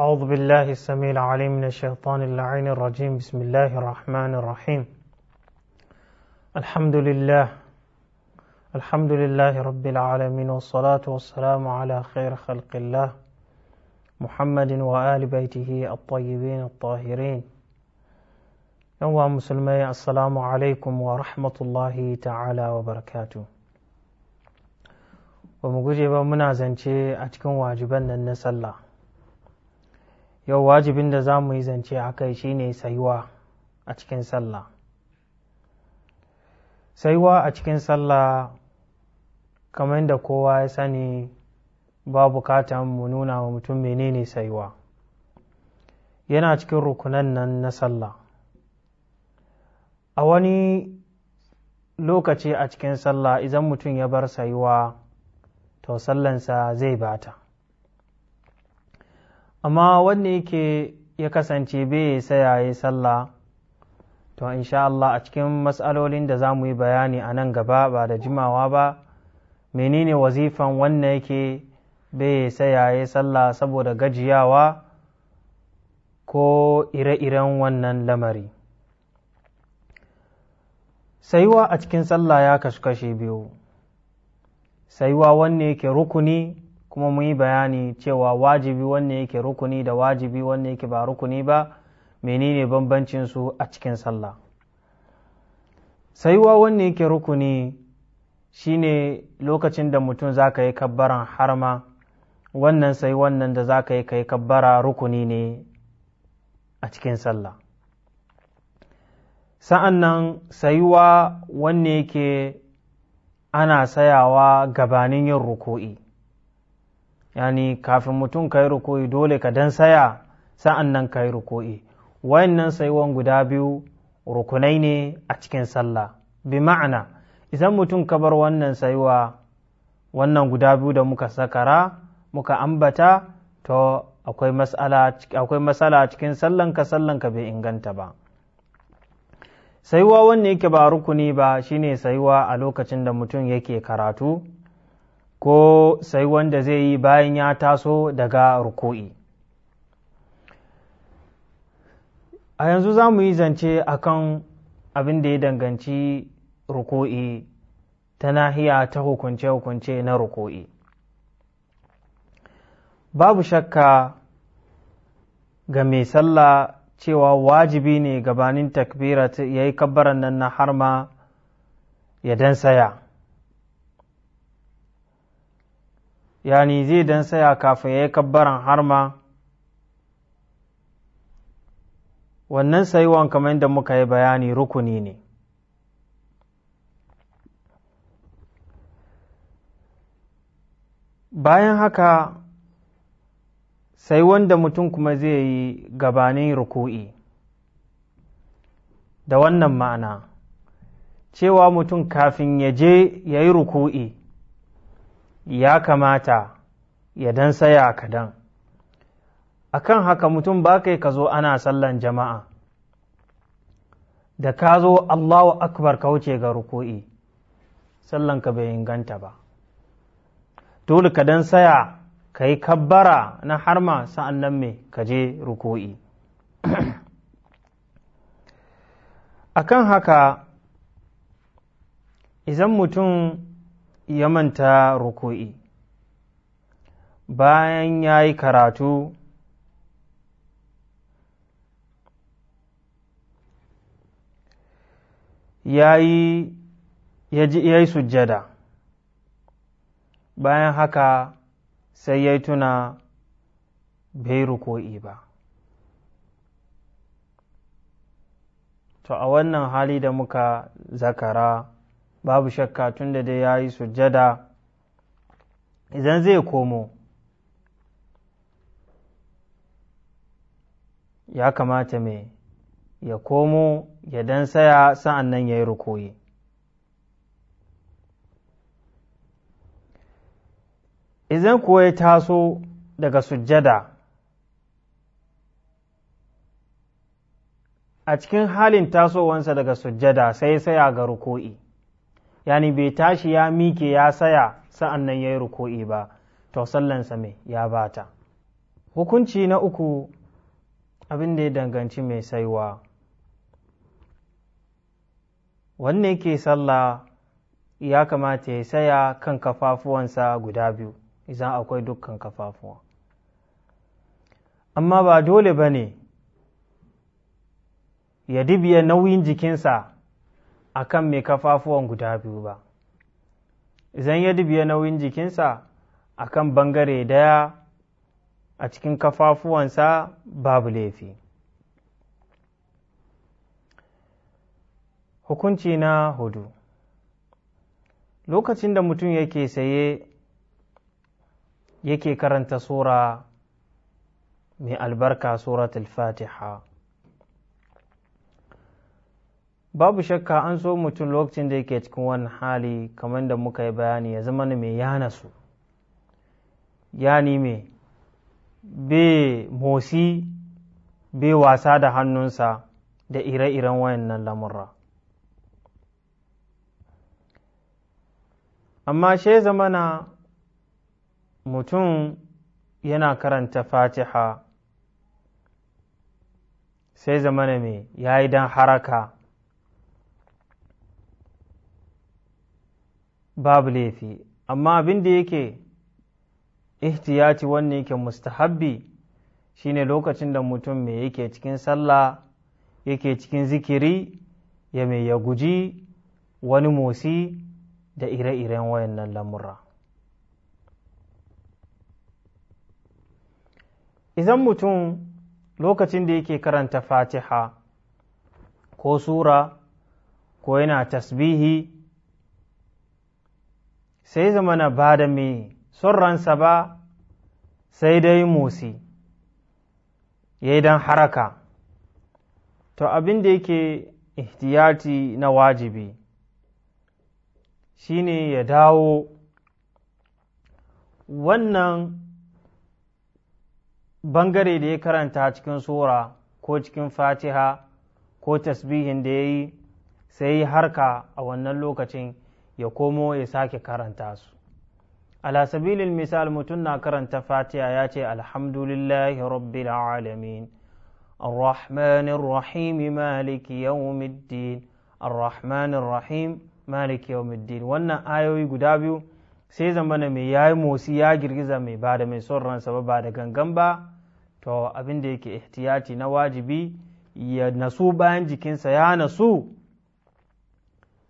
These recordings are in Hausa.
أعوذ بالله السميع العليم من الشيطان اللعين الرجيم بسم الله الرحمن الرحيم الحمد لله الحمد لله رب العالمين والصلاة والسلام على خير خلق الله محمد وآل بيته الطيبين الطاهرين يوم مسلمي السلام عليكم ورحمة الله تعالى وبركاته ومجيب منا زنشي أتكون واجبا الله yau wajibin da za mu yi zance a kai shi ne saiwa a cikin sallah saiwa a cikin sallah kamar da kowa ya sani ba bukatan mu nuna wa mutum menene saiwa, yana cikin rukunan nan na sallah a wani lokaci a cikin sallah idan mutum ya bar saiwa to sallansa zai bata amma wanne yake ya kasance bai saya ya sallah to insha Allah a cikin matsalolin da za mu yi bayani a nan gaba ba da jimawa ba menene wazifan wanne yake bai saya ya sallah saboda gajiyawa ko ire-iren wannan lamari saiwa a cikin sallah ya kashe biyu saiwa wanne yake rukuni kuma mu yi bayani cewa wajibi wanne yake rukuni da wajibi wanne yake ba rukuni ba menene bambancin su a cikin sallah saiwa wanne yake rukuni shine lokacin da mutum za ka yi kabbaran harma wannan sai wannan da za ka yi ka yi kabbara rukuni ne a cikin sallah sa'an nan saiwa wanne yake ana sayawa gabanin yin ruku'i yani kafin mutum ka yi dole ka dan saya sa'an nan ka yi wayannan sayuwan guda biyu rukunai ne a cikin sallah bi ma'ana idan mutum ka bar wannan sayuwa wannan guda biyu da muka sakara muka ambata to akwai matsala a cikin sallanka sallanka bai inganta ba saiwa wanne yake ba rukuni ba shine sayuwa a lokacin da mutum yake karatu ko sai wanda zai yi bayan ya taso daga ruku'i a yanzu za mu yi zance a kan abin da ya danganci ruku'i ta nahiya ta hukunce-hukunce na ruku'i babu shakka ga mai sallah cewa wajibi ne gabanin takbirat ya yi kabbaran nan na harma ya dan saya yani zai dan saya kafin ya yi kabbaran harma wannan sayuwan kamar yadda muka yi bayani rukuni ne bayan haka sai wanda mutum kuma zai yi gabanin ruku'i da wannan ma'ana cewa mutum kafin ya je ya yi ruku'i ya kamata ya dan saya kadan akan haka mutum ba kai ka zo ana sallan jama'a da ka zo Allahu akbar ka wuce ga ruku'i sallanka bai inganta ba dole ka dan saya ka yi kabbara na harma sa'an nan me ka je ruku'i akan haka idan mutum ya manta ruku'i bayan ya yi karatu ya yi sujjada bayan haka sai ya tuna bai rukoi ba to a wannan hali da muka zakara babu shakka tun da dai ya yi sujjada idan zai komo ya kamata mai ya komo ya dan saya sa'an nan ya yi rukoyi idan kuwa ya taso daga sujjada a cikin halin tasowansa daga sujjada sai saya ga ruko'i yani bai tashi ya mike ya saya sa'an nan ya yi ruko’i ba to sallansa mai ya bata hukunci na uku abin da ya danganci mai saiwa wanne ke sallah ya kamata ya saya kan kafafuwansa guda biyu idan akwai dukkan kafafuwa amma ba dole ba ne ya dibiya nauyin jikinsa a kan mai kafafuwan guda biyu ba idan ya dubiya nauyin jikinsa a kan bangare daya a cikin kafafuwansa babu laifi hukunci na hudu lokacin da mutum yake saye yake karanta sura mai albarka suratul fatiha babu shakka an so mutum lokacin da yake cikin wannan hali kamar da muka yi bayani ya zama mai yana su yani mai be motsi be wasa da hannunsa da ire-iren wayannan lamurra amma she zamana mutum yana karanta fatiha sai zamana mai ya yi don haraka babu laifi amma abin da yake ihtiyaci wanne yake mustahabbi shine lokacin da mutum mai yake cikin sallah yake cikin zikiri ya mai ya guji wani motsi da ire-iren wayannan lamura idan mutum lokacin da yake karanta fatiha ko sura ko yana tasbihi sai zama ba da mai son ransa ba sai dai motsi ya yi don haraka to abin da yake ihtiyati na wajibi shine ya dawo wannan bangare da ya karanta cikin sura ko cikin fatiha ko tasbihin da ya yi sai harka a wannan lokacin ya komo ya sake karanta su ala sabilil misal mutum na karanta fatiha ya ce alhamdulillahi rabbil alamin rahim maliki مالك يوم الدين الرحمن rahim maliki يوم الدين wannan ayoyi guda biyu sai na mai yayi motsi ya girgiza mai ba da mai son ransa ba da gangan ba to abin da yake ihtiyati na wajibi ya nasu bayan jikinsa ya nasu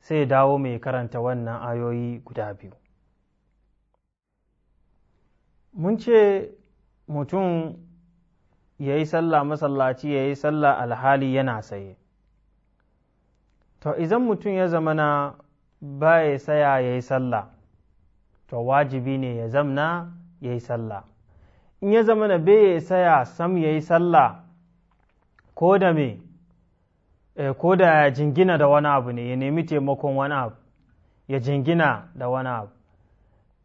sai dawo mai karanta wannan ayoyi guda biyu mun ce mutum ya yi sallah masallaci ya yi sallah alhali yana saye to idan mutum ya zamana ba ya saya ya yi sallah to wajibi ne ya zamna ya yi sallah in ya zamana bai ya saya sam ya yi sallah ko da me Eh, ko da ya jingina da wani abu ne ya nemi taimakon wani abu ya jingina da wani abu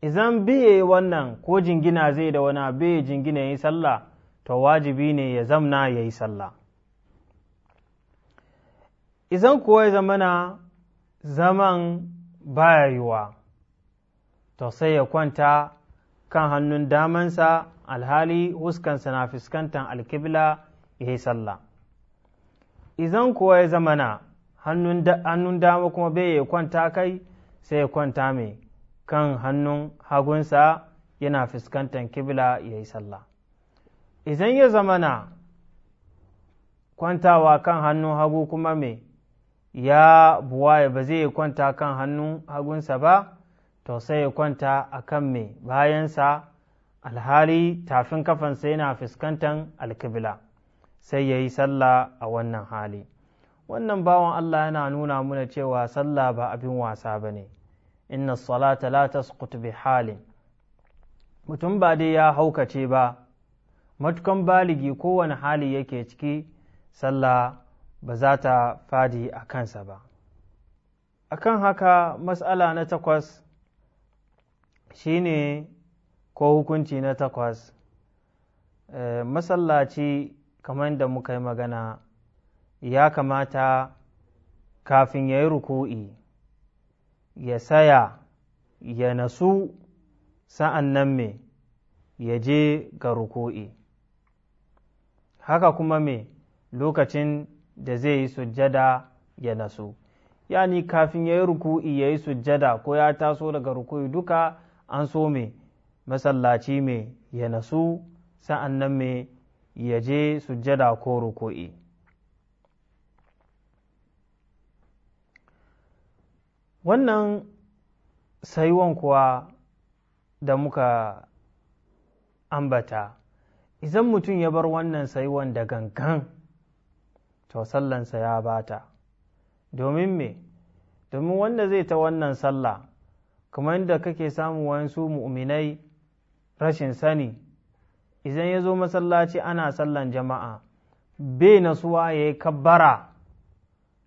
izan biye wannan ko jingina zai da wani abu ya jingina ya yi sallah to wajibi ne ya zamna ya yi sallah izan kuwa ya zamana zaman baya yiwa to sai ya kwanta kan hannun damansa alhali huskansa na fuskantar alkibla ya yi sallah izan kuwa ya zama na hannun dama kuma bai ya kwanta kai sai ya kwanta mai kan hannun hagunsa yana fuskantar kibla ya yi sallah izan ya zama na kwantawa kan hannun hagu kuma mai ya buwaye ba zai kwanta kan hannun hagunsa ba to sai ya kwanta a kan mai bayansa alhali tafin kafansa yana fuskantar alkibla sai ya yi sallah a wannan hali wannan bawan Allah yana nuna muna cewa sallah ba abin wasa ba ne inna salata la tasqutu bi halin mutum ba dai ya haukace ba matukan baligi kowane hali yake ciki sallah ba za ta fadi a kansa ba akan haka matsala na takwas shine ko hukunci na takwas eh, masallaci kamar da muka yi magana ya kamata kafin ya yi ruku'i ya saya ya nasu sa'an nan me ya je ga ruku'i haka kuma me lokacin da zai yi sujjada ya nasu yani kafin ya yi ruku'i ya yi sujjada ko ya taso daga ruku'i duka an so me masallaci me ya nasu sa'an nan me ya je sujjada ko ruku'i wannan saiwon kuwa da muka ambata idan mutum ya bar wannan saiwon da gangan to sallansa ya bata domin me domin wanda zai ta wannan sallah kamar yadda kake samu wayansu mu'minai rashin sani idan ya zo masallaci ana sallan jama'a bai nasuwa ya yi kabbara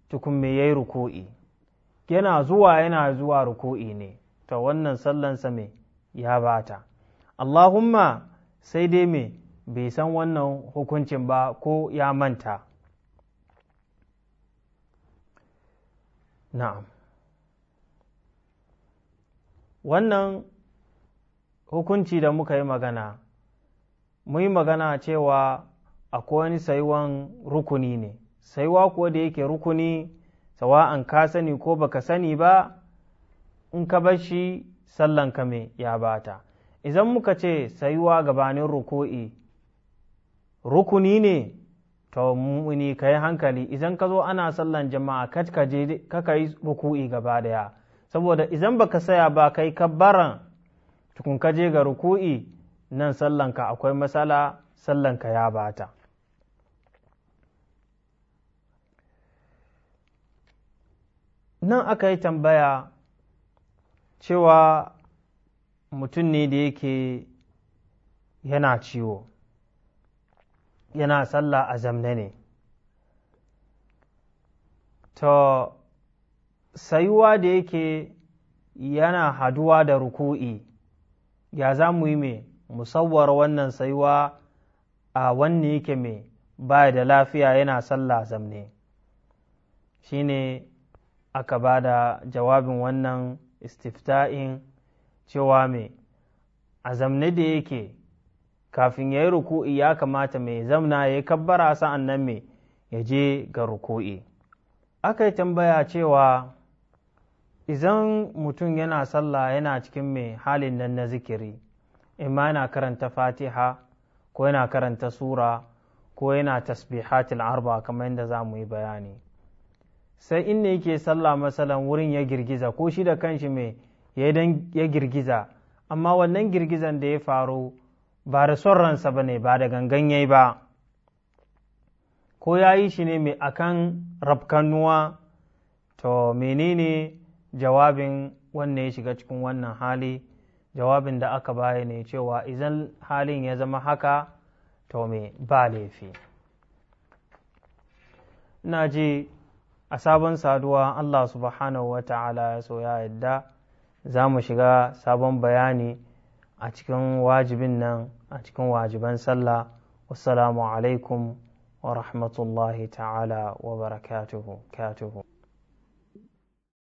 tukun me ya yi ruku'i yana zuwa yana zuwa ruko'i ne ta wannan sallansa me ya bata Allahumma sai dai me bai san wannan hukuncin ba ko ya manta na'am wannan hukunci da muka yi magana muyi yi magana cewa akwai wani saiwan rukuni ne saiwa kuwa da yake rukuni an ka sani ko baka sani ba in ka bar shi sallan ka me ya bata idan muka ce saiwa gabanin ruku'i rukuni ne to muni ka yi hankali idan ka zo ana sallan jama'a ka yi ruku'i gaba daya saboda idan baka saya ba kai kabbaran tukun ka je ga ruku'i nan sallanka akwai matsala sallanka ya bata nan aka yi tambaya cewa mutum ne da yake yana ciwo yana sallah a zamne ne to sayuwa da yake yana haduwa da ruku'i ya za mu yi mai musawwar wannan saiwa a wanne yake mai ba da lafiya yana sallah zamne shine aka ba da jawabin wannan istifta'in cewa mai a zamne da yake kafin ya yi ruku'i ya kamata mai zamna ya yi kabbara sa'an nan mai ya je ga ruku'i aka yi tambaya cewa idan mutum yana sallah yana cikin mai halin nan na zikiri in ma yana karanta fatiha ko yana karanta sura ko yana tasbihatul arba kamar yadda za mu yi bayani sai in ne yake sallah masalan wurin ya girgiza ko shi da kanshi mai ya girgiza amma wannan girgizan da ya faru ba da son ransa ba ne ba da gangan yayi ba ko ya yi shi ne mai akan rafkannuwa to menene jawabin wannan ya shiga cikin wannan hali jawabin da aka baya ne cewa idan halin ya zama haka to me ba laifi ina ji a sabon saduwa Allah subhanahu wa ta'ala ya so ya yadda za mu shiga sabon bayani a cikin wajibin nan a cikin wajiban sallah wassalamu alaikum wa rahmatullahi ta'ala wa barakatuhu